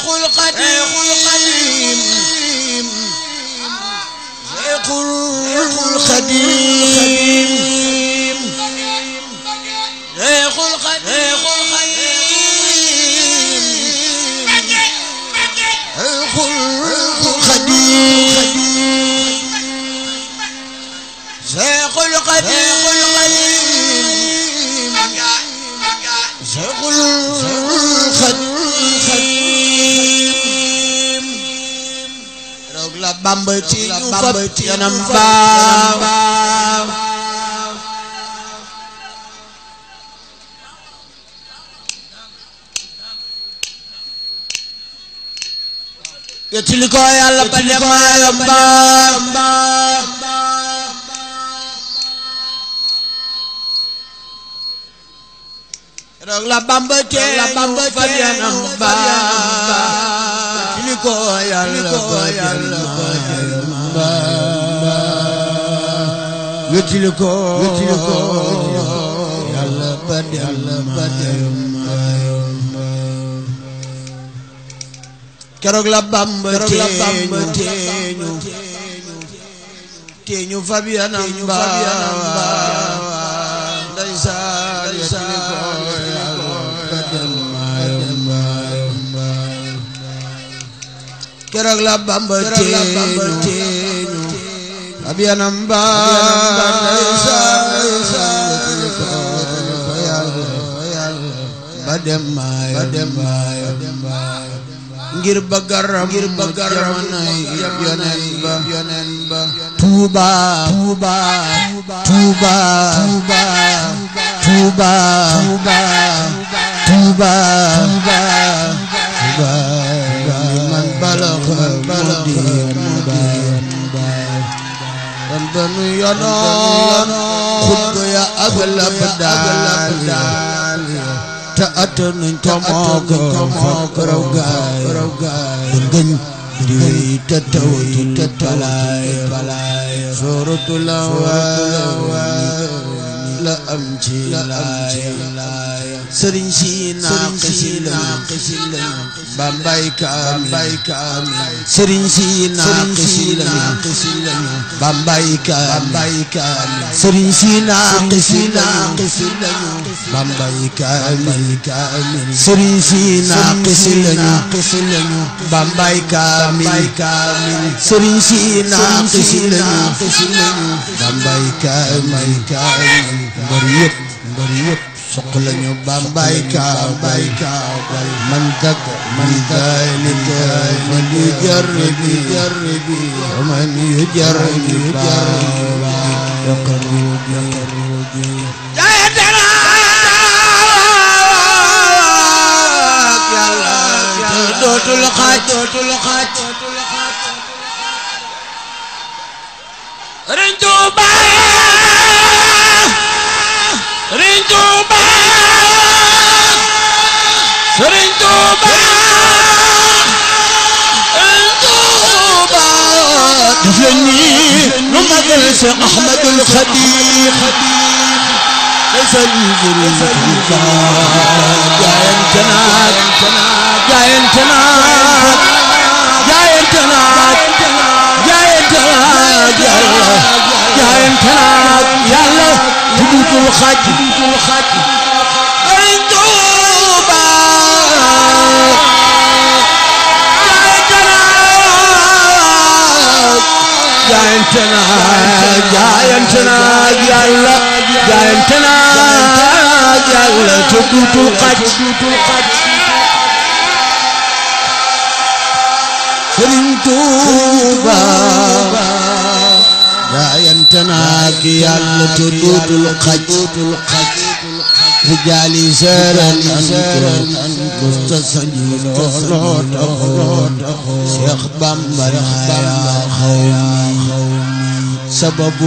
شيخ القديم شيخ القديم شيخ القديم شيخ القديم شيخ القديم bamba ci ñu fab yanam baaw yettili ko yàlla ba demaayam baaw roog la bamba ci ñu fab yanam baaw ko yàlla wéttili ko wéttili ko keroog la Bamba teeñu keroog la Bamba teeñu أبينا مبارك ba dem maay ba dem maay ngir bëgg a ram ngir bëgg a ram yoneen ba yoneen ba Tuuba Tuuba Tuuba Tuuba Tuuba Tuuba Tuuba Tuuba danu yonoon xut ya ak lab daal te attanuñ ko moom foog raw gaay ngëñ di te taw te talaay suratul la am ci laay sëriñ si naa xisi la bambay kaami sëriñ si naa xisi la bambay kaami sëriñ si naa xisi la bambay kaami sëriñ si naa xisi la bambay kaami sëriñ si naa xisi la bambay kaami mbër yëpp mbër yëpp soxla ñu bambay kaa bay kaa bay man dagg li daay man yu jar bi jar bi man yu jar bi jar bi yaqaru yaqaru dootul xaaj dootul xaaj ren tuubaay Sëriñ Tuuba Sëriñ Tuuba Tuuba def leen nii nu magal Cheikh Ahmadul Xadim day sa xaj ay Tuuba jaayante naa jaayante naa yàlla jaayante naa yàlla te duutul xaj Sëriñ Tuuba naa ki yàlla te dootul xaj rijaali seeran an mustasañi looloo taxoon Seex Bamba yaa xaw ma sababu